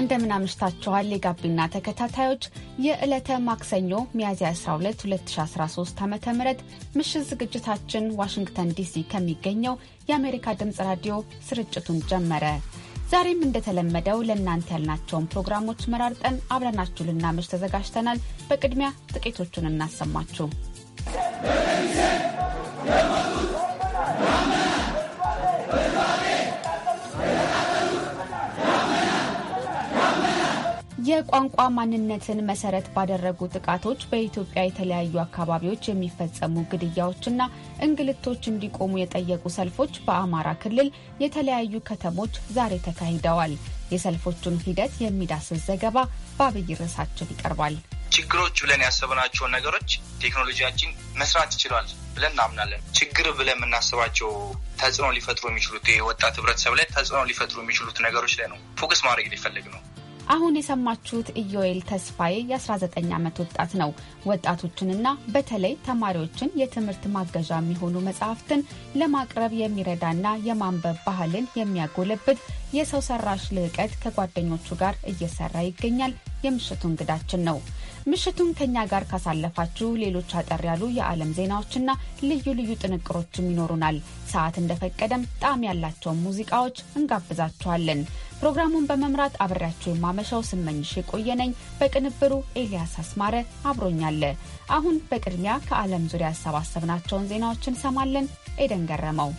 እንደምን አምሽታችኋል የጋቢና ተከታታዮች። የዕለተ ማክሰኞ ሚያዝያ 12 2013 ዓ ም ምሽት ዝግጅታችን ዋሽንግተን ዲሲ ከሚገኘው የአሜሪካ ድምፅ ራዲዮ ስርጭቱን ጀመረ። ዛሬም እንደተለመደው ለእናንተ ያልናቸውን ፕሮግራሞች መራርጠን አብረናችሁ ልናመሽ ተዘጋጅተናል። በቅድሚያ ጥቂቶቹን እናሰማችሁ። የቋንቋ ማንነትን መሰረት ባደረጉ ጥቃቶች በኢትዮጵያ የተለያዩ አካባቢዎች የሚፈጸሙ ግድያዎችና እንግልቶች እንዲቆሙ የጠየቁ ሰልፎች በአማራ ክልል የተለያዩ ከተሞች ዛሬ ተካሂደዋል። የሰልፎቹን ሂደት የሚዳስስ ዘገባ በአብይ ርዕሳችን ይቀርባል። ችግሮች ብለን ያሰብናቸውን ነገሮች ቴክኖሎጂያችን መስራት ይችላል ብለን እናምናለን። ችግር ብለን የምናስባቸው ተጽዕኖ ሊፈጥሩ የሚችሉት የወጣት ህብረተሰብ ላይ ተጽዕኖ ሊፈጥሩ የሚችሉት ነገሮች ላይ ነው ፎከስ ማድረግ ሊፈልግ ነው አሁን የሰማችሁት ኢዮኤል ተስፋዬ የ19 ዓመት ወጣት ነው። ወጣቶችንና በተለይ ተማሪዎችን የትምህርት ማገዣ የሚሆኑ መጽሐፍትን ለማቅረብ የሚረዳና የማንበብ ባህልን የሚያጎለብት የሰው ሰራሽ ልዕቀት ከጓደኞቹ ጋር እየሰራ ይገኛል። የምሽቱ እንግዳችን ነው። ምሽቱን ከኛ ጋር ካሳለፋችሁ ሌሎች አጠር ያሉ የዓለም ዜናዎችና ልዩ ልዩ ጥንቅሮችም ይኖሩናል። ሰዓት እንደፈቀደም ጣዕም ያላቸውን ሙዚቃዎች እንጋብዛችኋለን። ፕሮግራሙን በመምራት አብሬያችሁ የማመሻው ስመኝሽ የቆየነኝ፣ በቅንብሩ ኤልያስ አስማረ አብሮኛለ። አሁን በቅድሚያ ከዓለም ዙሪያ ያሰባሰብናቸውን ዜናዎችን ሰማለን። ኤደን ገረመው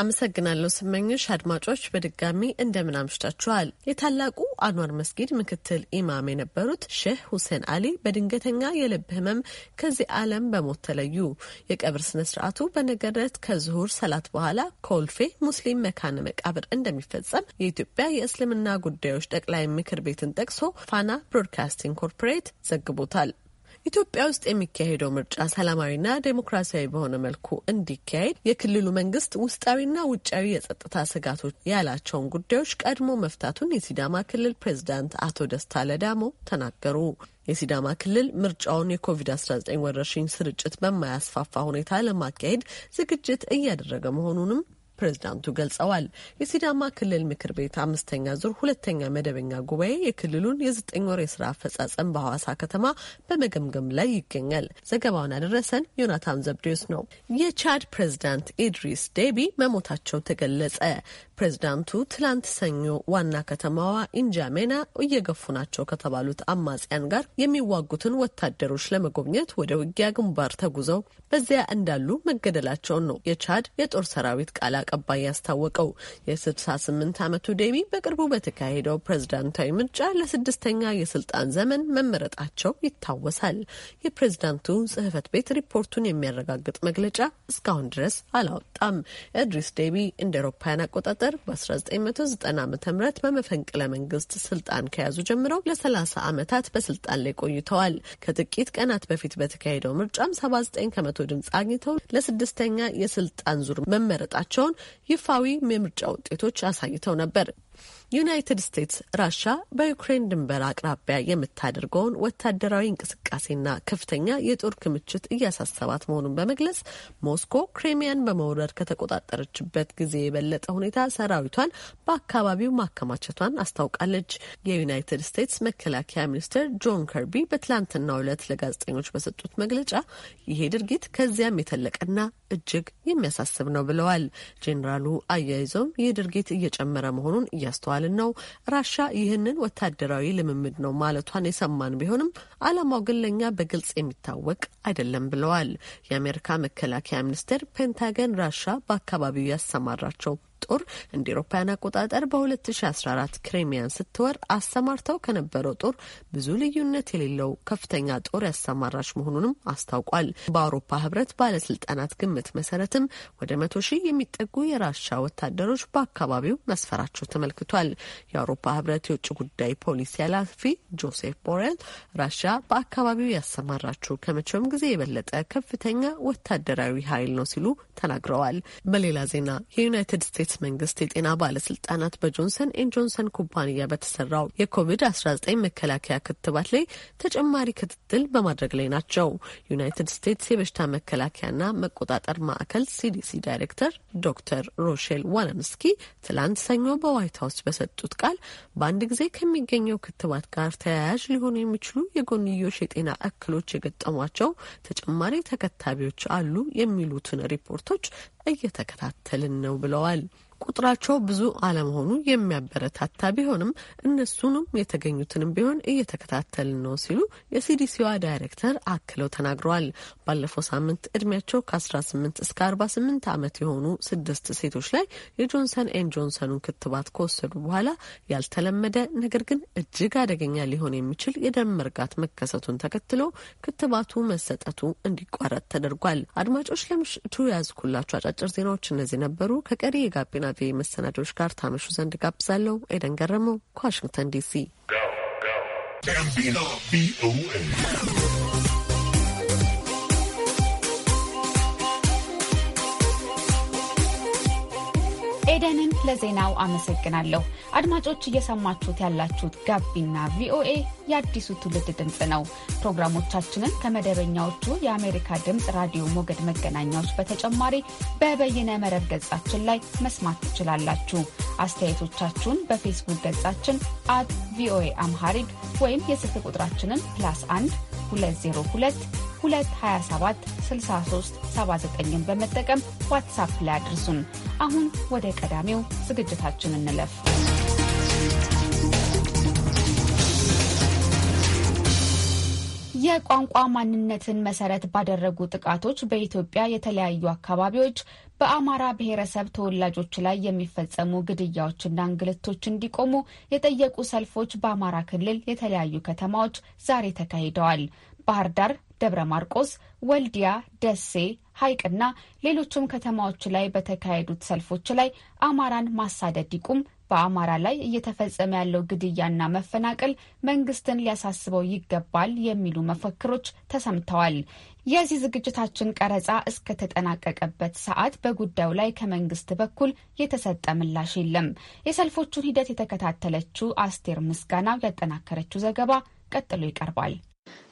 አመሰግናለሁ ስመኞች። አድማጮች በድጋሚ እንደምን አምሽታችኋል። የታላቁ አንዋር መስጊድ ምክትል ኢማም የነበሩት ሼህ ሁሴን አሊ በድንገተኛ የልብ ህመም ከዚህ ዓለም በሞት ተለዩ። የቀብር ስነ ስርዓቱ በነገረት ከዝሁር ሰላት በኋላ ኮልፌ ሙስሊም መካነ መቃብር እንደሚፈጸም የኢትዮጵያ የእስልምና ጉዳዮች ጠቅላይ ምክር ቤትን ጠቅሶ ፋና ብሮድካስቲንግ ኮርፖሬት ዘግቦታል። ኢትዮጵያ ውስጥ የሚካሄደው ምርጫ ሰላማዊና ዴሞክራሲያዊ በሆነ መልኩ እንዲካሄድ የክልሉ መንግስት ውስጣዊና ውጫዊ የጸጥታ ስጋቶች ያላቸውን ጉዳዮች ቀድሞ መፍታቱን የሲዳማ ክልል ፕሬዚዳንት አቶ ደስታ ለዳሞ ተናገሩ። የሲዳማ ክልል ምርጫውን የኮቪድ-19 ወረርሽኝ ስርጭት በማያስፋፋ ሁኔታ ለማካሄድ ዝግጅት እያደረገ መሆኑንም ፕሬዝዳንቱ ገልጸዋል። የሲዳማ ክልል ምክር ቤት አምስተኛ ዙር ሁለተኛ መደበኛ ጉባኤ የክልሉን የዘጠኝ ወር የስራ አፈጻጸም በሐዋሳ ከተማ በመገምገም ላይ ይገኛል። ዘገባውን ያደረሰን ዮናታን ዘብዴዎስ ነው። የቻድ ፕሬዝዳንት ኢድሪስ ዴቢ መሞታቸው ተገለጸ። ፕሬዝዳንቱ ትላንት ሰኞ ዋና ከተማዋ ኢንጃሜና እየገፉ ናቸው ከተባሉት አማጽያን ጋር የሚዋጉትን ወታደሮች ለመጎብኘት ወደ ውጊያ ግንባር ተጉዘው በዚያ እንዳሉ መገደላቸውን ነው የቻድ የጦር ሰራዊት ቃል ተቀባይ ያስታወቀው። የ68 ዓመቱ ዴቢ በቅርቡ በተካሄደው ፕሬዝዳንታዊ ምርጫ ለስድስተኛ የስልጣን ዘመን መመረጣቸው ይታወሳል። የፕሬዝዳንቱ ጽህፈት ቤት ሪፖርቱን የሚያረጋግጥ መግለጫ እስካሁን ድረስ አላወጣም። አልመጣም። እድሪስ ዴቢ እንደ አውሮፓውያን አቆጣጠር በ1990 ዓ ም በመፈንቅለ መንግስት ስልጣን ከያዙ ጀምረው ለ30 ዓመታት በስልጣን ላይ ቆይተዋል። ከጥቂት ቀናት በፊት በተካሄደው ምርጫም 79 ከመቶ ድምፅ አግኝተው ለስድስተኛ የስልጣን ዙር መመረጣቸውን ይፋዊ የምርጫ ውጤቶች አሳይተው ነበር። ዩናይትድ ስቴትስ ራሻ በዩክሬን ድንበር አቅራቢያ የምታደርገውን ወታደራዊ እንቅስቃሴና ከፍተኛ የጦር ክምችት እያሳሰባት መሆኑን በመግለጽ ሞስኮ ክሬሚያን በመውረር ከተቆጣጠረችበት ጊዜ የበለጠ ሁኔታ ሰራዊቷን በአካባቢው ማከማቸቷን አስታውቃለች። የዩናይትድ ስቴትስ መከላከያ ሚኒስትር ጆን ከርቢ በትላንትናው ዕለት ለጋዜጠኞች በሰጡት መግለጫ ይሄ ድርጊት ከዚያም የተለቀና እጅግ የሚያሳስብ ነው ብለዋል። ጄኔራሉ አያይዘውም ይህ ድርጊት እየጨመረ መሆኑን እያ እያስተዋልን ነው። ራሻ ይህንን ወታደራዊ ልምምድ ነው ማለቷን የሰማን ቢሆንም ዓላማው ግን ለእኛ በግልጽ የሚታወቅ አይደለም ብለዋል። የአሜሪካ መከላከያ ሚኒስቴር ፔንታገን ራሻ በአካባቢው ያሰማራቸው ጦር እንደ ኤሮፓያን አቆጣጠር በ2014 ክሬሚያን ስትወር አሰማርተው ከነበረው ጦር ብዙ ልዩነት የሌለው ከፍተኛ ጦር ያሰማራች መሆኑንም አስታውቋል። በአውሮፓ ህብረት ባለስልጣናት ግምት መሰረትም ወደ መቶ ሺህ የሚጠጉ የራሻ ወታደሮች በአካባቢው መስፈራቸው ተመልክቷል። የአውሮፓ ህብረት የውጭ ጉዳይ ፖሊሲ ኃላፊ ጆሴፍ ቦሬል ራሻ በአካባቢው ያሰማራችው ከመቼውም ጊዜ የበለጠ ከፍተኛ ወታደራዊ ኃይል ነው ሲሉ ተናግረዋል። በሌላ ዜና የዩናይትድ ስቴትስ ስቴትስ መንግስት የጤና ባለስልጣናት በጆንሰን ኤን ጆንሰን ኩባንያ በተሰራው የኮቪድ-19 መከላከያ ክትባት ላይ ተጨማሪ ክትትል በማድረግ ላይ ናቸው። ዩናይትድ ስቴትስ የበሽታ መከላከያና መቆጣጠር ማዕከል ሲዲሲ ዳይሬክተር ዶክተር ሮሼል ዋለንስኪ ትላንት ሰኞ በዋይት ሀውስ በሰጡት ቃል በአንድ ጊዜ ከሚገኘው ክትባት ጋር ተያያዥ ሊሆኑ የሚችሉ የጎንዮሽ የጤና እክሎች የገጠሟቸው ተጨማሪ ተከታቢዎች አሉ የሚሉትን ሪፖርቶች እየተከታተልን ነው ብለዋል። ቁጥራቸው ብዙ አለመሆኑ የሚያበረታታ ቢሆንም እነሱንም የተገኙትንም ቢሆን እየተከታተልን ነው ሲሉ የሲዲሲዋ ዳይሬክተር አክለው ተናግረዋል። ባለፈው ሳምንት እድሜያቸው ከ18 እስከ 48 ዓመት የሆኑ ስድስት ሴቶች ላይ የጆንሰን ኤን ጆንሰኑን ክትባት ከወሰዱ በኋላ ያልተለመደ ነገር ግን እጅግ አደገኛ ሊሆን የሚችል የደም መርጋት መከሰቱን ተከትሎ ክትባቱ መሰጠቱ እንዲቋረጥ ተደርጓል። አድማጮች ለምሽቱ ያዝኩላቸው አጫጭር ዜናዎች እነዚህ ነበሩ። ከቀሪ የጋቢና ከዛሬ መሰናዶች ጋር ታመሹ ዘንድ ጋብዛለሁ። ኤደን ገረመው ከዋሽንግተን ዲሲ ኤደንን ለዜናው አመሰግናለሁ። አድማጮች እየሰማችሁት ያላችሁት ጋቢና ቪኦኤ የአዲሱ ትውልድ ድምፅ ነው። ፕሮግራሞቻችንን ከመደበኛዎቹ የአሜሪካ ድምፅ ራዲዮ ሞገድ መገናኛዎች በተጨማሪ በበይነ መረብ ገጻችን ላይ መስማት ትችላላችሁ። አስተያየቶቻችሁን በፌስቡክ ገጻችን አት ቪኦኤ አምሃሪግ ወይም የስልክ ቁጥራችንን ፕላስ 1 202 227 በመጠቀም ዋትሳፕ ላይ አድርሱን። አሁን ወደ ቀዳሚው ዝግጅታችን እንለፍ። የቋንቋ ማንነትን መሰረት ባደረጉ ጥቃቶች በኢትዮጵያ የተለያዩ አካባቢዎች በአማራ ብሔረሰብ ተወላጆች ላይ የሚፈጸሙ ግድያዎችና እንግልቶች እንዲቆሙ የጠየቁ ሰልፎች በአማራ ክልል የተለያዩ ከተማዎች ዛሬ ተካሂደዋል። ባህር ዳር፣ ደብረ ማርቆስ፣ ወልዲያ፣ ደሴ፣ ሐይቅና ሌሎችም ከተማዎች ላይ በተካሄዱት ሰልፎች ላይ አማራን ማሳደድ ይቁም፣ በአማራ ላይ እየተፈጸመ ያለው ግድያና መፈናቀል መንግስትን ሊያሳስበው ይገባል የሚሉ መፈክሮች ተሰምተዋል። የዚህ ዝግጅታችን ቀረጻ እስከተጠናቀቀበት ሰዓት በጉዳዩ ላይ ከመንግስት በኩል የተሰጠ ምላሽ የለም። የሰልፎቹን ሂደት የተከታተለችው አስቴር ምስጋናው ያጠናከረችው ዘገባ ቀጥሎ ይቀርባል።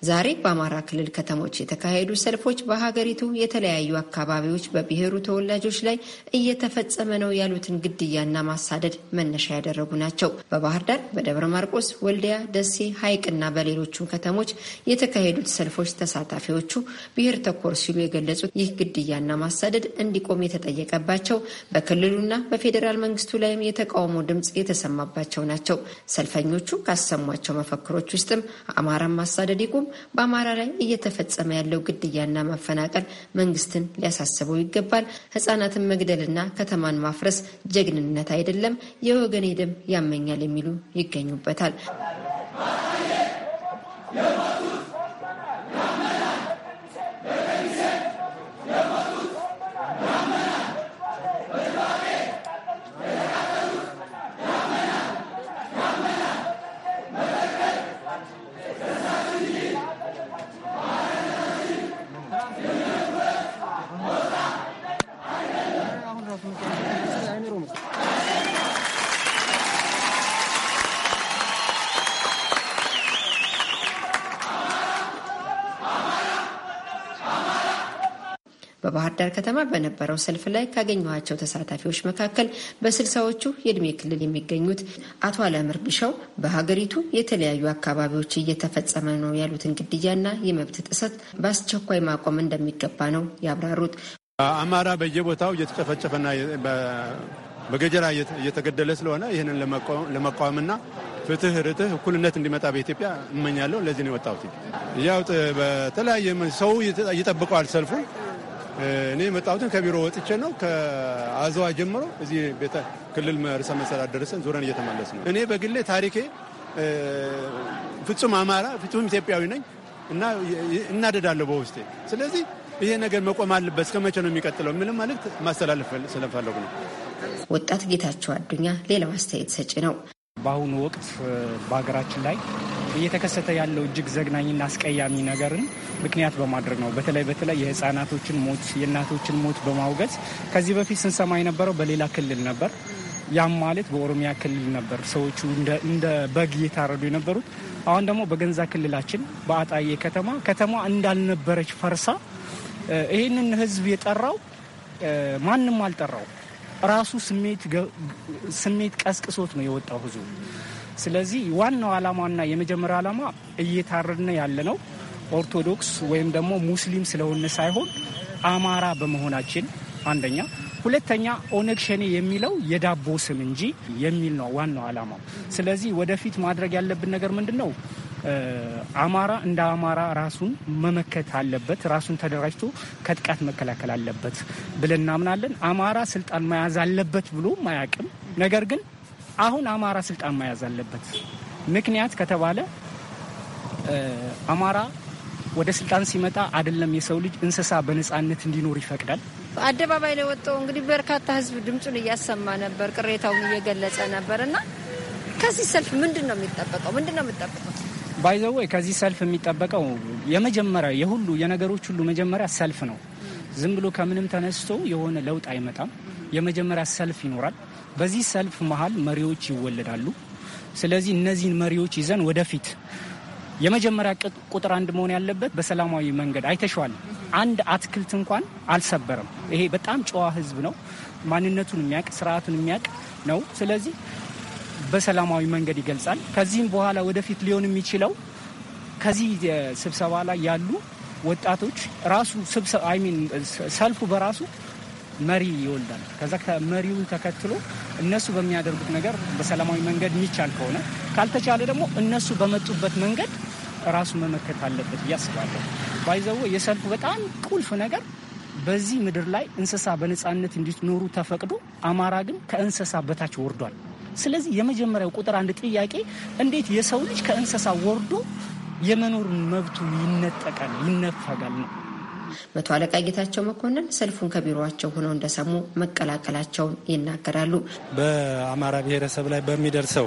ዛሬ በአማራ ክልል ከተሞች የተካሄዱ ሰልፎች በሀገሪቱ የተለያዩ አካባቢዎች በብሔሩ ተወላጆች ላይ እየተፈጸመ ነው ያሉትን ግድያና ማሳደድ መነሻ ያደረጉ ናቸው። በባህር ዳር፣ በደብረ ማርቆስ፣ ወልዲያ፣ ደሴ፣ ሐይቅና በሌሎቹም ከተሞች የተካሄዱት ሰልፎች ተሳታፊዎቹ ብሔር ተኮር ሲሉ የገለጹት ይህ ግድያና ማሳደድ እንዲቆም የተጠየቀባቸው በክልሉና በፌዴራል መንግስቱ ላይም የተቃውሞ ድምፅ የተሰማባቸው ናቸው። ሰልፈኞቹ ካሰሟቸው መፈክሮች ውስጥም አማራን ማሳደድ ቢጠይቁም በአማራ ላይ እየተፈጸመ ያለው ግድያና ማፈናቀል መንግስትን ሊያሳስበው ይገባል። ህጻናትን መግደልና ከተማን ማፍረስ ጀግንነት አይደለም፣ የወገኔ ደም ያመኛል የሚሉ ይገኙበታል። በባህር ዳር ከተማ በነበረው ሰልፍ ላይ ካገኘኋቸው ተሳታፊዎች መካከል በስልሳዎቹ የእድሜ ክልል የሚገኙት አቶ አለምር ቢሻው በሀገሪቱ የተለያዩ አካባቢዎች እየተፈጸመ ነው ያሉትን ግድያና የመብት ጥሰት በአስቸኳይ ማቆም እንደሚገባ ነው ያብራሩት። አማራ በየቦታው እየተጨፈጨፈና በገጀራ እየተገደለ ስለሆነ ይህንን ለመቃወምና ፍትህ፣ ርትህ፣ እኩልነት እንዲመጣ በኢትዮጵያ እመኛለሁ። ለዚህ ነው የወጣሁት። ያው በተለያየ ሰው ይጠብቀዋል ሰልፉ እኔ የመጣሁትን ከቢሮ ወጥቼ ነው። ከአዘዋ ጀምሮ እዚህ ቤተ ክልል ርዕሰ መስተዳድር ደርሰን ዞረን እየተመለስ ነው። እኔ በግሌ ታሪኬ ፍጹም አማራ ፍጹም ኢትዮጵያዊ ነኝ እና እናደዳለሁ በውስጤ። ስለዚህ ይሄ ነገር መቆም አለበት። እስከ መቼ ነው የሚቀጥለው? ምንም መልእክት ማስተላለፍ ስለፈለጉ ነው። ወጣት ጌታቸው አዱኛ ሌላው አስተያየት ሰጪ ነው። በአሁኑ ወቅት በሀገራችን ላይ እየተከሰተ ያለው እጅግ ዘግናኝና አስቀያሚ ነገርን ምክንያት በማድረግ ነው። በተለይ በተለይ የህፃናቶችን ሞት፣ የእናቶችን ሞት በማውገዝ ከዚህ በፊት ስንሰማ የነበረው በሌላ ክልል ነበር። ያም ማለት በኦሮሚያ ክልል ነበር ሰዎቹ እንደ በግ እየታረዱ የነበሩት። አሁን ደግሞ በገንዛ ክልላችን በአጣዬ ከተማ ከተማ እንዳልነበረች ፈርሳ ይህንን ህዝብ የጠራው ማንም አልጠራው ራሱ ስሜት ቀስቅሶት ነው የወጣው ህዝቡ። ስለዚህ ዋናው ዓላማና የመጀመሪያ ዓላማ እየታረድን ያለ ነው ኦርቶዶክስ ወይም ደግሞ ሙስሊም ስለሆነ ሳይሆን አማራ በመሆናችን አንደኛ ሁለተኛ ኦነግ ሸኔ የሚለው የዳቦ ስም እንጂ የሚል ነው ዋናው ዓላማው። ስለዚህ ወደፊት ማድረግ ያለብን ነገር ምንድን ነው? አማራ እንደ አማራ ራሱን መመከት አለበት፣ ራሱን ተደራጅቶ ከጥቃት መከላከል አለበት ብለን እናምናለን። አማራ ስልጣን መያዝ አለበት ብሎም አያውቅም። ነገር ግን አሁን አማራ ስልጣን መያዝ አለበት። ምክንያት ከተባለ አማራ ወደ ስልጣን ሲመጣ አይደለም የሰው ልጅ እንስሳ በነጻነት እንዲኖር ይፈቅዳል። አደባባይ ላይ ወጥተው እንግዲህ በርካታ ህዝብ ድምፁን እያሰማ ነበር፣ ቅሬታውን እየገለጸ ነበር እና ከዚህ ሰልፍ ምንድን ነው የሚጠበቀው? ምንድን ነው የሚጠበቀው? ባይዘዌ ከዚህ ሰልፍ የሚጠበቀው የመጀመሪያ የሁሉ የነገሮች ሁሉ መጀመሪያ ሰልፍ ነው። ዝም ብሎ ከምንም ተነስቶ የሆነ ለውጥ አይመጣም። የመጀመሪያ ሰልፍ ይኖራል። በዚህ ሰልፍ መሀል መሪዎች ይወለዳሉ። ስለዚህ እነዚህን መሪዎች ይዘን ወደፊት የመጀመሪያ ቁጥር አንድ መሆን ያለበት በሰላማዊ መንገድ አይተሸዋል። አንድ አትክልት እንኳን አልሰበረም። ይሄ በጣም ጨዋ ህዝብ ነው። ማንነቱን የሚያውቅ ስርዓቱን የሚያውቅ ነው። ስለዚህ በሰላማዊ መንገድ ይገልጻል። ከዚህም በኋላ ወደፊት ሊሆን የሚችለው ከዚህ ስብሰባ ላይ ያሉ ወጣቶች ራሱ ሰልፉ በራሱ መሪ ይወልዳል። ከዛ መሪውን ተከትሎ እነሱ በሚያደርጉት ነገር በሰላማዊ መንገድ የሚቻል ከሆነ ካልተቻለ ደግሞ እነሱ በመጡበት መንገድ ራሱ መመከት አለበት እያስባለሁ። ባይዘው የሰልፉ በጣም ቁልፍ ነገር በዚህ ምድር ላይ እንስሳ በነፃነት እንዲኖሩ ተፈቅዶ አማራ ግን ከእንስሳ በታች ወርዷል። ስለዚህ የመጀመሪያው ቁጥር አንድ ጥያቄ እንዴት የሰው ልጅ ከእንስሳ ወርዶ የመኖር መብቱ ይነጠቃል፣ ይነፈጋል ነው። መቶ አለቃ ጌታቸው መኮንን ሰልፉን ከቢሮቸው ሆነው እንደሰሙ መቀላቀላቸውን ይናገራሉ። በአማራ ብሔረሰብ ላይ በሚደርሰው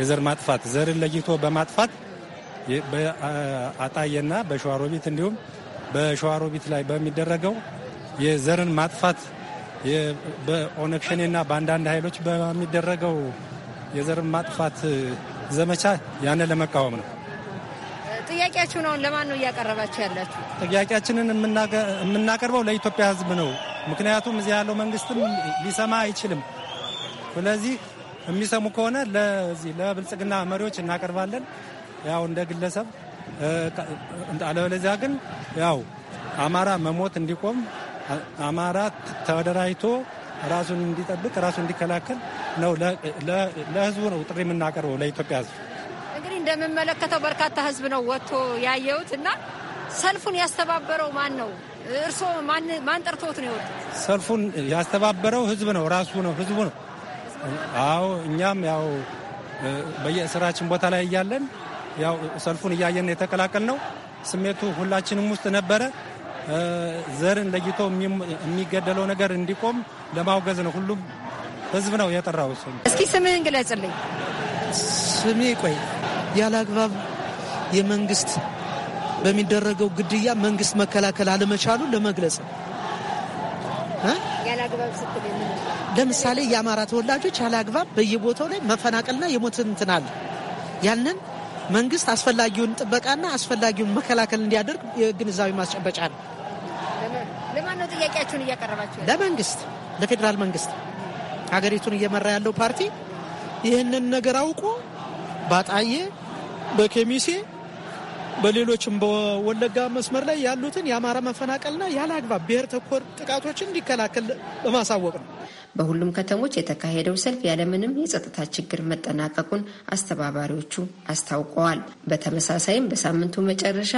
የዘር ማጥፋት ዘርን ለይቶ በማጥፋት በሸዋሮ በሸዋሮቢት እንዲሁም በሸዋሮቢት ላይ በሚደረገው የዘርን ማጥፋት በኦነግ በአንዳንድ ኃይሎች በሚደረገው የዘር ማጥፋት ዘመቻ ያንን ለመቃወም ነው። ጥያቄያችሁን አሁን ለማን ነው እያቀረባችሁ ያላችሁ? ጥያቄያችንን የምናቀርበው ለኢትዮጵያ ሕዝብ ነው። ምክንያቱም እዚህ ያለው መንግስትም ሊሰማ አይችልም። ስለዚህ የሚሰሙ ከሆነ ለዚህ ለብልጽግና መሪዎች እናቀርባለን፣ ያው እንደ ግለሰብ። አለበለዚያ ግን ያው አማራ መሞት እንዲቆም አማራ ተደራጅቶ ራሱን እንዲጠብቅ ራሱን እንዲከላከል ነው ለህዝቡ ነው ጥሪ የምናቀርበው ለኢትዮጵያ ህዝብ። እንደምመለከተው በርካታ ህዝብ ነው ወጥቶ ያየሁት እና ሰልፉን ያስተባበረው ማን ነው? እርስዎ ማን ጠርቶት ነው የወጡት? ሰልፉን ያስተባበረው ህዝብ ነው፣ ራሱ ነው፣ ህዝቡ ነው። አዎ እኛም ያው በየስራችን ቦታ ላይ እያለን ያው ሰልፉን እያየን የተቀላቀል ነው። ስሜቱ ሁላችንም ውስጥ ነበረ። ዘርን ለይቶ የሚገደለው ነገር እንዲቆም ለማውገዝ ነው። ሁሉም ህዝብ ነው የጠራው። እስኪ ስምህን ግለጽልኝ። ስሜ ቆይ ያለ አግባብ የመንግስት በሚደረገው ግድያ መንግስት መከላከል አለመቻሉን ለመግለጽ ለምሳሌ የአማራ ተወላጆች ያለ አግባብ በየቦታው ላይ መፈናቀልና የሞት እንትን አለ። ያንን መንግስት አስፈላጊውን ጥበቃና አስፈላጊውን መከላከል እንዲያደርግ የግንዛቤ ማስጨበጫ ነው። ለማነው ጥያቄያችሁን እያቀረባችሁ? ለመንግስት፣ ለፌዴራል መንግስት። ሀገሪቱን እየመራ ያለው ፓርቲ ይህንን ነገር አውቆ ባጣዬ በኬሚሴ በሌሎችም በወለጋ መስመር ላይ ያሉትን የአማራ መፈናቀልና ያለ አግባብ ብሔር ተኮር ጥቃቶችን እንዲከላከል በማሳወቅ ነው። በሁሉም ከተሞች የተካሄደው ሰልፍ ያለምንም የጸጥታ ችግር መጠናቀቁን አስተባባሪዎቹ አስታውቀዋል። በተመሳሳይም በሳምንቱ መጨረሻ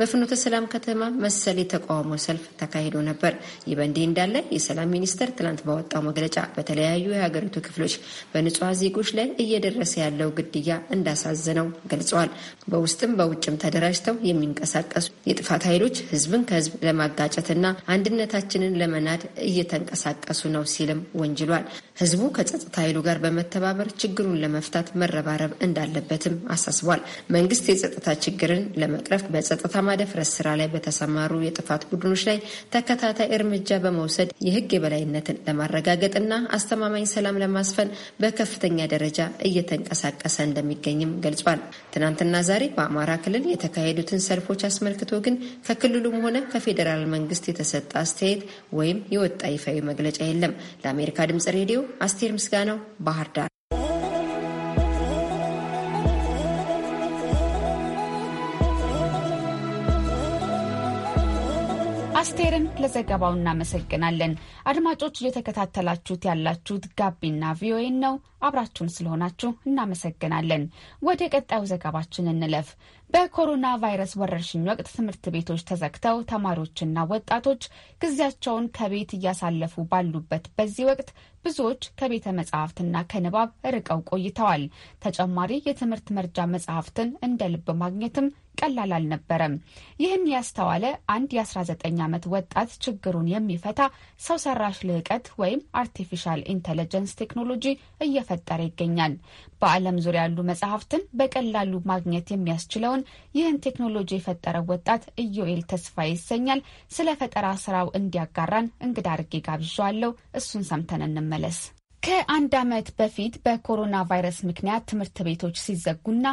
በፍኖተ ሰላም ከተማ መሰል የተቃውሞ ሰልፍ ተካሂዶ ነበር። ይህ በእንዲህ እንዳለ የሰላም ሚኒስቴር ትናንት ባወጣው መግለጫ በተለያዩ የሀገሪቱ ክፍሎች በንጹሐን ዜጎች ላይ እየደረሰ ያለው ግድያ እንዳሳዘነው ገልጿል። በውስጥም በውጭም ተደ ተደራጅተው የሚንቀሳቀሱ የጥፋት ኃይሎች ህዝብን ከህዝብ ለማጋጨትና አንድነታችንን ለመናድ እየተንቀሳቀሱ ነው ሲልም ወንጅሏል። ህዝቡ ከጸጥታ ኃይሉ ጋር በመተባበር ችግሩን ለመፍታት መረባረብ እንዳለበትም አሳስቧል። መንግስት የጸጥታ ችግርን ለመቅረፍ በጸጥታ ማደፍረስ ስራ ላይ በተሰማሩ የጥፋት ቡድኖች ላይ ተከታታይ እርምጃ በመውሰድ የህግ የበላይነትን ለማረጋገጥና አስተማማኝ ሰላም ለማስፈን በከፍተኛ ደረጃ እየተንቀሳቀሰ እንደሚገኝም ገልጿል። ትናንትና ዛሬ በአማራ ክልል የተካሄዱትን ሰልፎች አስመልክቶ ግን ከክልሉም ሆነ ከፌዴራል መንግስት የተሰጠ አስተያየት ወይም የወጣ ይፋዊ መግለጫ የለም። ለአሜሪካ ድምጽ ሬዲዮ አስቴር ምስጋናው ባህር ዳር። አስቴርን ለዘገባው እናመሰግናለን። አድማጮች እየተከታተላችሁት ያላችሁት ጋቢና ቪኦኤን ነው። አብራችሁን ስለሆናችሁ እናመሰግናለን። ወደ ቀጣዩ ዘገባችን እንለፍ። በኮሮና ቫይረስ ወረርሽኝ ወቅት ትምህርት ቤቶች ተዘግተው ተማሪዎችና ወጣቶች ጊዜያቸውን ከቤት እያሳለፉ ባሉበት በዚህ ወቅት ብዙዎች ከቤተ መጽሐፍትና ከንባብ ርቀው ቆይተዋል። ተጨማሪ የትምህርት መርጃ መጽሐፍትን እንደ ልብ ማግኘትም ቀላል አልነበረም። ይህን ያስተዋለ አንድ የ19 ዓመት ወጣት ችግሩን የሚፈታ ሰው ሰራሽ ልህቀት ወይም አርቲፊሻል ኢንተለጀንስ ቴክኖሎጂ እየፈጠረ ይገኛል። በዓለም ዙሪያ ያሉ መጽሐፍትን በቀላሉ ማግኘት የሚያስችለውን ይህን ቴክኖሎጂ የፈጠረው ወጣት ኢዮኤል ተስፋ ይሰኛል። ስለ ፈጠራ ስራው እንዲያጋራን እንግዳ አድርጌ ጋብዣለሁ። እሱን ሰምተን እንመለስ። ከአንድ ዓመት በፊት በኮሮና ቫይረስ ምክንያት ትምህርት ቤቶች ሲዘጉና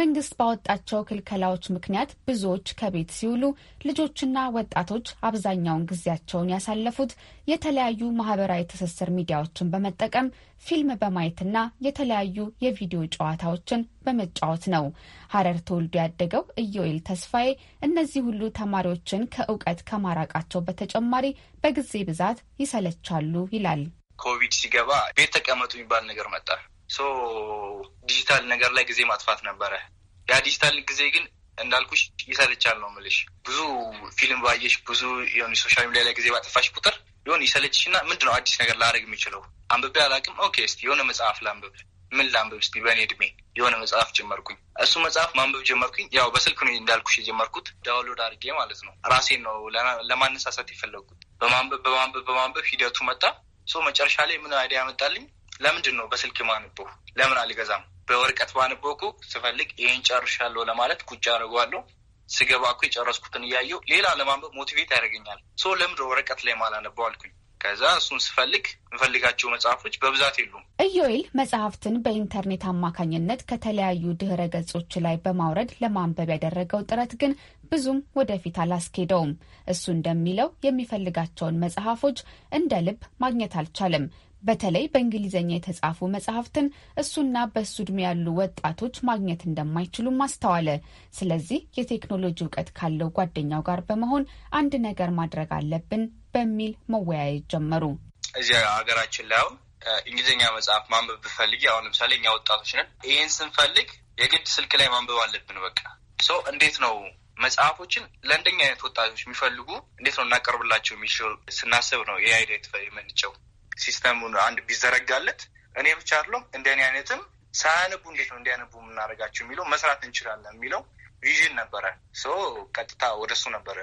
መንግስት ባወጣቸው ክልከላዎች ምክንያት ብዙዎች ከቤት ሲውሉ ልጆችና ወጣቶች አብዛኛውን ጊዜያቸውን ያሳለፉት የተለያዩ ማህበራዊ ትስስር ሚዲያዎችን በመጠቀም ፊልም በማየትና የተለያዩ የቪዲዮ ጨዋታዎችን በመጫወት ነው። ሀረር ተወልዶ ያደገው ኢዮኤል ተስፋዬ እነዚህ ሁሉ ተማሪዎችን ከእውቀት ከማራቃቸው በተጨማሪ በጊዜ ብዛት ይሰለቻሉ ይላል። ኮቪድ ሲገባ ቤት ተቀመጡ የሚባል ነገር መጣ። ሶ ዲጂታል ነገር ላይ ጊዜ ማጥፋት ነበረ። ያ ዲጂታል ጊዜ ግን እንዳልኩሽ ይሰለቻል ነው ምልሽ። ብዙ ፊልም ባየሽ፣ ብዙ የሆነ ሶሻል ሚዲያ ላይ ጊዜ ባጠፋሽ ቁጥር የሆነ ይሰለችሽ እና ምንድነው አዲስ ነገር ላደርግ የሚችለው አንብቤ አላውቅም። ኦኬ እስቲ የሆነ መጽሐፍ ላንብብ፣ ምን ላንብብ ስ በእኔ እድሜ የሆነ መጽሐፍ ጀመርኩኝ። እሱ መጽሐፍ ማንበብ ጀመርኩኝ። ያው በስልክ ነው እንዳልኩሽ የጀመርኩት፣ ዳውንሎድ አድርጌ ማለት ነው። ራሴን ነው ለማነሳሳት የፈለጉት። በማንበብ በማንበብ በማንበብ ሂደቱ መጣ። ሰው መጨረሻ ላይ ምን አይዲያ ያመጣልኝ፣ ለምንድን ነው በስልክ ማንበው? ለምን አልገዛም? በወረቀት ባንበኩ ስፈልግ ይህን ጨርሻለሁ ለማለት ቁጭ አደርገዋለሁ። ስገባ እኮ የጨረስኩትን እያየው ሌላ ለማንበብ ሞቲቬት ያደርገኛል። ሰው ለምድ ወረቀት ላይ ማላነበው አልኩኝ። ከዛ እሱን ስፈልግ የምፈልጋቸው መጽሐፎች በብዛት የሉም። ኢዮኤል መጽሐፍትን በኢንተርኔት አማካኝነት ከተለያዩ ድህረ ገጾች ላይ በማውረድ ለማንበብ ያደረገው ጥረት ግን ብዙም ወደፊት አላስኬደውም። እሱ እንደሚለው የሚፈልጋቸውን መጽሐፎች እንደ ልብ ማግኘት አልቻለም። በተለይ በእንግሊዝኛ የተጻፉ መጽሐፍትን እሱና በእሱ ዕድሜ ያሉ ወጣቶች ማግኘት እንደማይችሉም አስተዋለ። ስለዚህ የቴክኖሎጂ እውቀት ካለው ጓደኛው ጋር በመሆን አንድ ነገር ማድረግ አለብን በሚል መወያየት ጀመሩ። እዚያ ሀገራችን ላይ አሁን እንግሊዝኛ መጽሐፍ ማንበብ ብፈልግ አሁን ለምሳሌ እኛ ወጣቶች ነን። ይህን ስንፈልግ የግድ ስልክ ላይ ማንበብ አለብን። በቃ ሰው እንዴት ነው መጽሐፎችን ለእንደኛ አይነት ወጣቶች የሚፈልጉ እንዴት ነው እናቀርብላቸው የሚችል ስናስብ ነው ይህ አይዲያ የምንጨው ሲስተሙን አንድ ቢዘረጋለት እኔ ብቻ አይደለም እንደኔ አይነትም ሳያነቡ እንዴት ነው እንዲያነቡ የምናደርጋቸው የሚለው መስራት እንችላለን የሚለው ቪዥን ነበረ። ሶ ቀጥታ ወደሱ ነበረ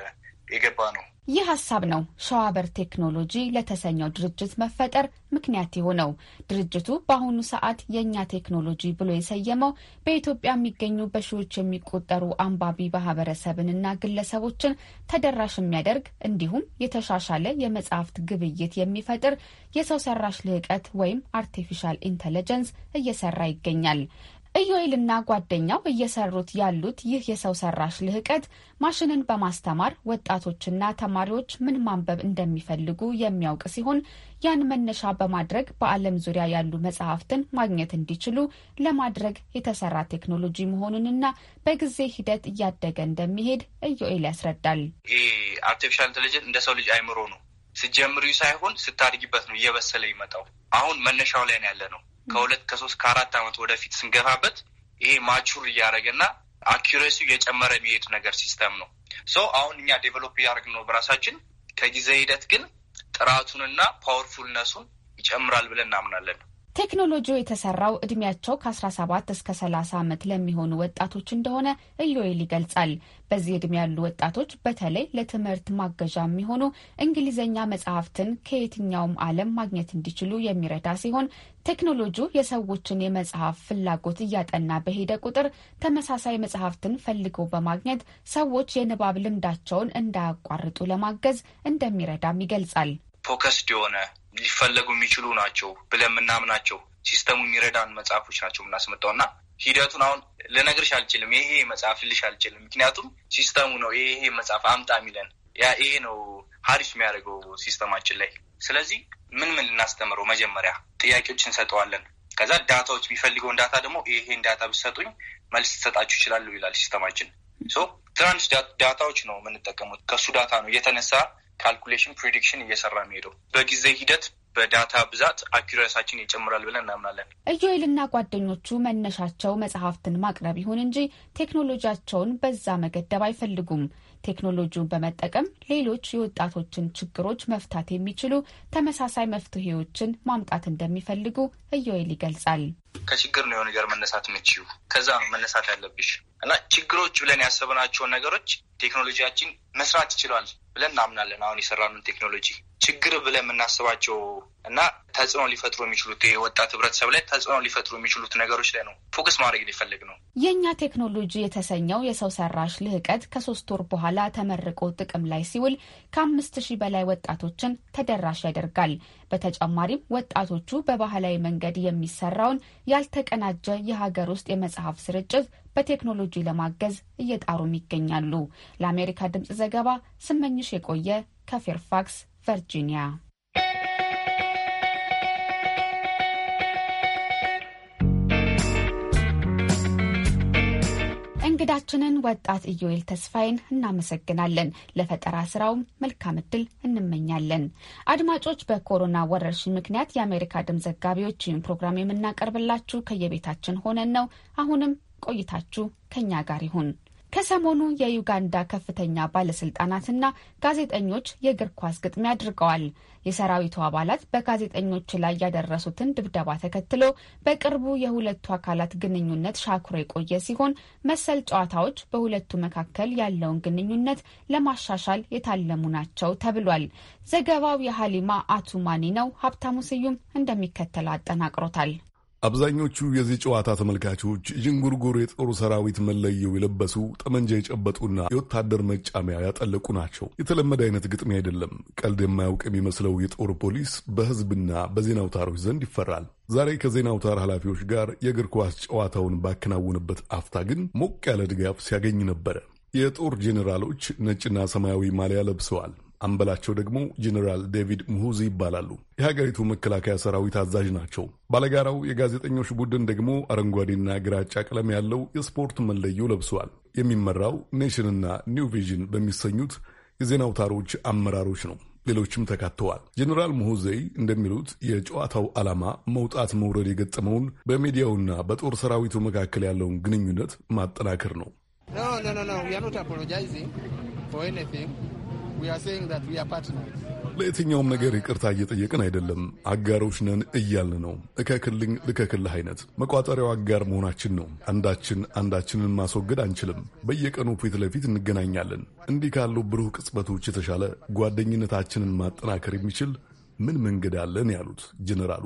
የገባ ነው። ይህ ሀሳብ ነው ሸዋበር ቴክኖሎጂ ለተሰኘው ድርጅት መፈጠር ምክንያት የሆነው። ድርጅቱ በአሁኑ ሰዓት የእኛ ቴክኖሎጂ ብሎ የሰየመው በኢትዮጵያ የሚገኙ በሺዎች የሚቆጠሩ አንባቢ ማህበረሰብንና ግለሰቦችን ተደራሽ የሚያደርግ እንዲሁም የተሻሻለ የመጽሐፍት ግብይት የሚፈጥር የሰው ሰራሽ ልህቀት ወይም አርቲፊሻል ኢንተለጀንስ እየሰራ ይገኛል። ኢዮኤልና ጓደኛው እየሰሩት ያሉት ይህ የሰው ሰራሽ ልህቀት ማሽንን በማስተማር ወጣቶችና ተማሪዎች ምን ማንበብ እንደሚፈልጉ የሚያውቅ ሲሆን ያን መነሻ በማድረግ በዓለም ዙሪያ ያሉ መጽሐፍትን ማግኘት እንዲችሉ ለማድረግ የተሰራ ቴክኖሎጂ መሆኑንና በጊዜ ሂደት እያደገ እንደሚሄድ ኢዮኤል ያስረዳል። ይህ አርቲፊሻል ኢንቴሊጀንስ እንደ ሰው ልጅ አይምሮ ነው። ስትጀምሪ ሳይሆን ስታድጊበት ነው እየበሰለ ይመጣው። አሁን መነሻው ላይ ነው ያለ ነው። ከሁለት ከሶስት ከአራት ዓመት ወደፊት ስንገፋበት ይሄ ማቹር እያደረገና አኪሬሲው የጨመረ የሚሄድ ነገር ሲስተም ነው። ሶ አሁን እኛ ዴቨሎፕ እያደረግ ነው በራሳችን። ከጊዜ ሂደት ግን ጥራቱንና ፓወርፉልነሱን ይጨምራል ብለን እናምናለን። ቴክኖሎጂው የተሰራው እድሜያቸው ከ17 እስከ 30 ዓመት ለሚሆኑ ወጣቶች እንደሆነ እዮይል ይገልጻል። በዚህ እድሜ ያሉ ወጣቶች በተለይ ለትምህርት ማገዣ የሚሆኑ እንግሊዝኛ መጽሐፍትን ከየትኛውም ዓለም ማግኘት እንዲችሉ የሚረዳ ሲሆን ቴክኖሎጂው የሰዎችን የመጽሐፍ ፍላጎት እያጠና በሄደ ቁጥር ተመሳሳይ መጽሐፍትን ፈልገው በማግኘት ሰዎች የንባብ ልምዳቸውን እንዳያቋርጡ ለማገዝ እንደሚረዳም ይገልጻል። ፎከስድ የሆነ ሊፈለጉ የሚችሉ ናቸው ብለን የምናምናቸው ሲስተሙ የሚረዳን መጽሐፎች ናቸው የምናስመጣው እና ሂደቱን አሁን ልነግርሽ አልችልም። ይሄ መጽሐፍ ልልሽ አልችልም። ምክንያቱም ሲስተሙ ነው ይሄ መጽሐፍ አምጣ የሚለን ያ ይሄ ነው ሀሪፍ የሚያደርገው ሲስተማችን ላይ። ስለዚህ ምን ምን ልናስተምረው መጀመሪያ ጥያቄዎች እንሰጠዋለን። ከዛ ዳታዎች የሚፈልገውን ዳታ ደግሞ ይሄን ዳታ ብሰጡኝ መልስ ትሰጣችሁ ይችላሉ ይላል ሲስተማችን። ትናንሽ ዳታዎች ነው የምንጠቀሙት። ከእሱ ዳታ ነው እየተነሳ ካልኩሌሽን ፕሪዲክሽን እየሰራ ነው ሄደው በጊዜ ሂደት በዳታ ብዛት አኪራሳችን ይጨምራል ብለን እናምናለን። ኢዮኤልና ጓደኞቹ መነሻቸው መጽሐፍትን ማቅረብ ይሁን እንጂ ቴክኖሎጂያቸውን በዛ መገደብ አይፈልጉም። ቴክኖሎጂውን በመጠቀም ሌሎች የወጣቶችን ችግሮች መፍታት የሚችሉ ተመሳሳይ መፍትሄዎችን ማምጣት እንደሚፈልጉ ኢዮኤል ይገልጻል። ከችግር ነው የሆነ ነገር መነሳት ምችው ከዛ መነሳት ያለብሽ እና ችግሮች ብለን ያሰብናቸውን ነገሮች ቴክኖሎጂያችን መስራት ይችላል ብለን እናምናለን። አሁን የሰራነውን ቴክኖሎጂ ችግር ብለን የምናስባቸው እና ተጽዕኖ ሊፈጥሩ የሚችሉት የወጣት ህብረተሰብ ላይ ተጽዕኖ ሊፈጥሩ የሚችሉት ነገሮች ላይ ነው ፎከስ ማድረግ ሊፈልግ ነው። የእኛ ቴክኖሎጂ የተሰኘው የሰው ሰራሽ ልህቀት ከሶስት ወር በኋላ ተመርቆ ጥቅም ላይ ሲውል ከአምስት ሺህ በላይ ወጣቶችን ተደራሽ ያደርጋል። በተጨማሪም ወጣቶቹ በባህላዊ መንገድ የሚሰራውን ያልተቀናጀ የሀገር ውስጥ የመጽሐፍ ስርጭት በቴክኖሎጂ ለማገዝ እየጣሩም ይገኛሉ። ለአሜሪካ ድምፅ ዘገባ ስመኝሽ የቆየ ከፌርፋክስ ቨርጂኒያ። እንግዳችንን ወጣት ኢዮኤል ተስፋዬን እናመሰግናለን። ለፈጠራ ስራውም መልካም እድል እንመኛለን። አድማጮች፣ በኮሮና ወረርሽኝ ምክንያት የአሜሪካ ድምፅ ዘጋቢዎች ይህን ፕሮግራም የምናቀርብላችሁ ከየቤታችን ሆነን ነው። አሁንም ቆይታችሁ ከኛ ጋር ይሁን። ከሰሞኑ የዩጋንዳ ከፍተኛ ባለስልጣናትና ጋዜጠኞች የእግር ኳስ ግጥሚያ አድርገዋል። የሰራዊቱ አባላት በጋዜጠኞች ላይ ያደረሱትን ድብደባ ተከትሎ በቅርቡ የሁለቱ አካላት ግንኙነት ሻክሮ የቆየ ሲሆን መሰል ጨዋታዎች በሁለቱ መካከል ያለውን ግንኙነት ለማሻሻል የታለሙ ናቸው ተብሏል። ዘገባው የሀሊማ አቱማኒ ነው። ሀብታሙ ስዩም እንደሚከተል አጠናቅሮታል። አብዛኞቹ የዚህ ጨዋታ ተመልካቾች ዥንጉርጉር የጦሩ ሰራዊት መለየው የለበሱ ጠመንጃ የጨበጡና የወታደር መጫሚያ ያጠለቁ ናቸው። የተለመደ አይነት ግጥሚያ አይደለም። ቀልድ የማያውቅ የሚመስለው የጦር ፖሊስ በሕዝብና በዜና አውታሮች ዘንድ ይፈራል። ዛሬ ከዜና አውታር ኃላፊዎች ጋር የእግር ኳስ ጨዋታውን ባከናውንበት አፍታ ግን ሞቅ ያለ ድጋፍ ሲያገኝ ነበረ። የጦር ጄኔራሎች ነጭና ሰማያዊ ማሊያ ለብሰዋል። አምበላቸው ደግሞ ጀኔራል ዴቪድ ሙሁዚ ይባላሉ። የሀገሪቱ መከላከያ ሰራዊት አዛዥ ናቸው። ባለጋራው የጋዜጠኞች ቡድን ደግሞ አረንጓዴና ግራጫ ቀለም ያለው የስፖርት መለዮ ለብሷል። የሚመራው ኔሽንና ኒው ቪዥን በሚሰኙት የዜና አውታሮች አመራሮች ነው። ሌሎችም ተካተዋል። ጀኔራል ሙሁዘይ እንደሚሉት የጨዋታው ዓላማ መውጣት መውረድ የገጠመውን በሚዲያውና በጦር ሰራዊቱ መካከል ያለውን ግንኙነት ማጠናከር ነው። ለየትኛውም ነገር ይቅርታ እየጠየቅን አይደለም። አጋሮች ነን እያልን ነው። እከክልኝ ልከክልህ አይነት መቋጠሪያው አጋር መሆናችን ነው። አንዳችን አንዳችንን ማስወገድ አንችልም። በየቀኑ ፊት ለፊት እንገናኛለን። እንዲህ ካሉ ብሩህ ቅጽበቶች የተሻለ ጓደኝነታችንን ማጠናከር የሚችል ምን መንገድ አለን? ያሉት ጀኔራሉ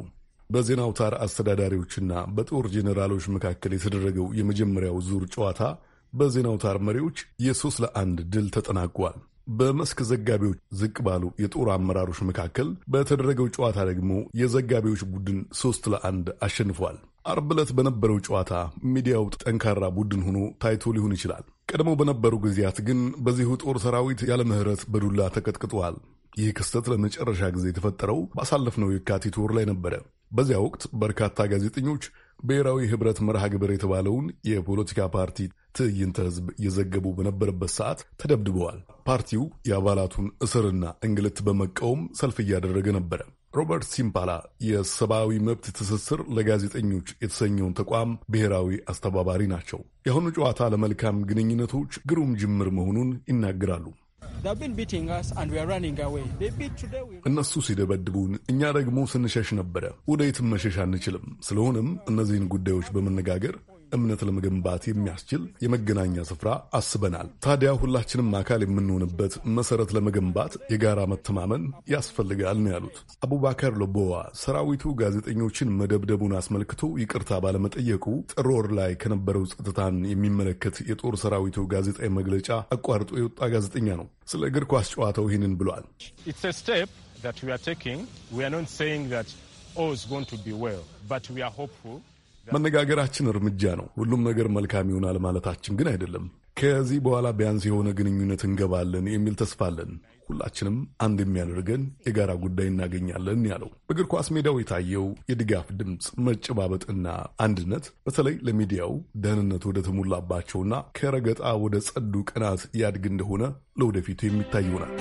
በዜና አውታር አስተዳዳሪዎችና በጦር ጄኔራሎች መካከል የተደረገው የመጀመሪያው ዙር ጨዋታ በዜና አውታር መሪዎች የሶስት ለአንድ ድል ተጠናቋል። በመስክ ዘጋቢዎች ዝቅ ባሉ የጦር አመራሮች መካከል በተደረገው ጨዋታ ደግሞ የዘጋቢዎች ቡድን ሶስት ለአንድ አሸንፏል። አርብ ዕለት በነበረው ጨዋታ ሚዲያው ጠንካራ ቡድን ሆኖ ታይቶ ሊሆን ይችላል። ቀድሞ በነበሩ ጊዜያት ግን በዚሁ ጦር ሰራዊት ያለ ምሕረት በዱላ ተቀጥቅጠዋል። ይህ ክስተት ለመጨረሻ ጊዜ የተፈጠረው ባሳለፍነው የካቲት ወር ላይ ነበረ። በዚያ ወቅት በርካታ ጋዜጠኞች ብሔራዊ ህብረት መርሃ ግብር የተባለውን የፖለቲካ ፓርቲ ትዕይንተ ህዝብ እየዘገቡ በነበረበት ሰዓት ተደብድበዋል። ፓርቲው የአባላቱን እስርና እንግልት በመቃወም ሰልፍ እያደረገ ነበረ። ሮበርት ሲምፓላ የሰብአዊ መብት ትስስር ለጋዜጠኞች የተሰኘውን ተቋም ብሔራዊ አስተባባሪ ናቸው። የአሁኑ ጨዋታ ለመልካም ግንኙነቶች ግሩም ጅምር መሆኑን ይናገራሉ። እነሱ ሲደበድቡን እኛ ደግሞ ስንሸሽ ነበረ። ወደ መሸሽ አንችልም። ስለሆነም እነዚህን ጉዳዮች በመነጋገር እምነት ለመገንባት የሚያስችል የመገናኛ ስፍራ አስበናል። ታዲያ ሁላችንም አካል የምንሆንበት መሰረት ለመገንባት የጋራ መተማመን ያስፈልጋል ነው ያሉት አቡባከር ሎቦዋ። ሰራዊቱ ጋዜጠኞችን መደብደቡን አስመልክቶ ይቅርታ ባለመጠየቁ ጥር ወር ላይ ከነበረው ጸጥታን የሚመለከት የጦር ሰራዊቱ ጋዜጣዊ መግለጫ አቋርጦ የወጣ ጋዜጠኛ ነው። ስለ እግር ኳስ ጨዋታው ይህንን ብሏል። መነጋገራችን እርምጃ ነው። ሁሉም ነገር መልካም ይሆናል ማለታችን ግን አይደለም። ከዚህ በኋላ ቢያንስ የሆነ ግንኙነት እንገባለን የሚል ተስፋ አለን። ሁላችንም አንድ የሚያደርገን የጋራ ጉዳይ እናገኛለን ያለው በእግር ኳስ ሜዳው የታየው የድጋፍ ድምፅ መጨባበጥና አንድነት በተለይ ለሚዲያው ደህንነት ወደ ተሞላባቸውና ከረገጣ ወደ ጸዱ ቀናት ያድግ እንደሆነ ለወደፊቱ የሚታይ ይሆናል።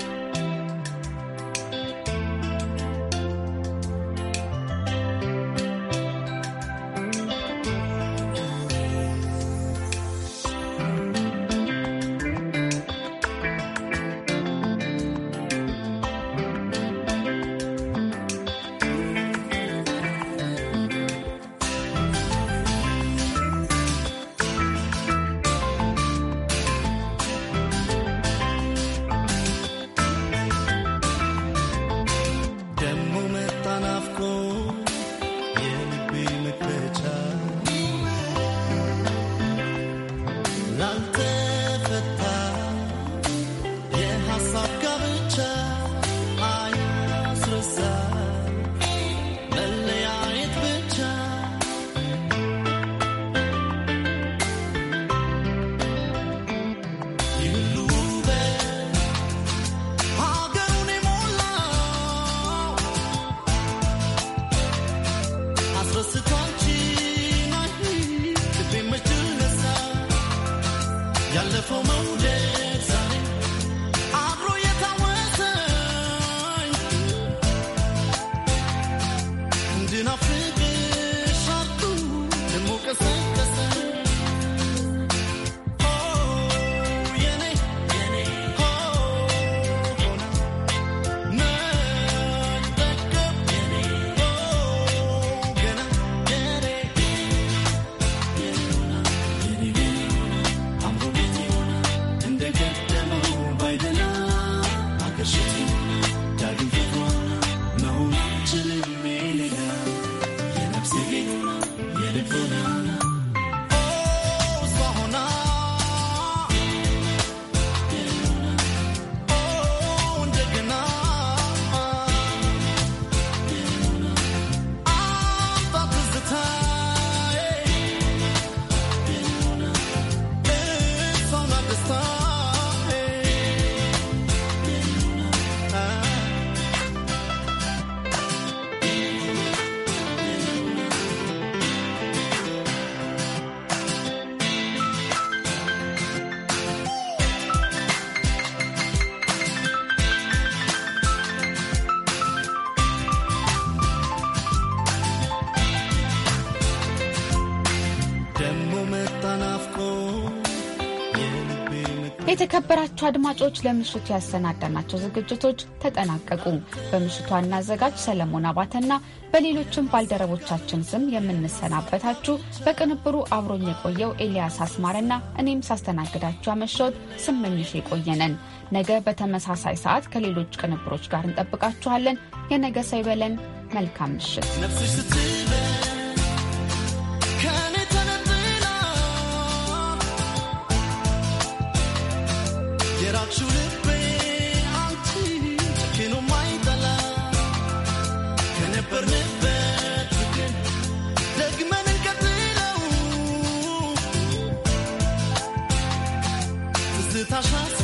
የተከበራችሁ አድማጮች ለምሽቱ ያሰናዳናቸው ዝግጅቶች ተጠናቀቁ። በምሽቱ ዋና አዘጋጅ ሰለሞን አባተና በሌሎችም ባልደረቦቻችን ስም የምንሰናበታችሁ በቅንብሩ አብሮኝ የቆየው ኤልያስ አስማረና እኔም ሳስተናግዳችሁ አመሻወት ስመኝሽ የቆየነን ነገ በተመሳሳይ ሰዓት ከሌሎች ቅንብሮች ጋር እንጠብቃችኋለን። የነገ ሰው ይበለን። መልካም ምሽት። Sasha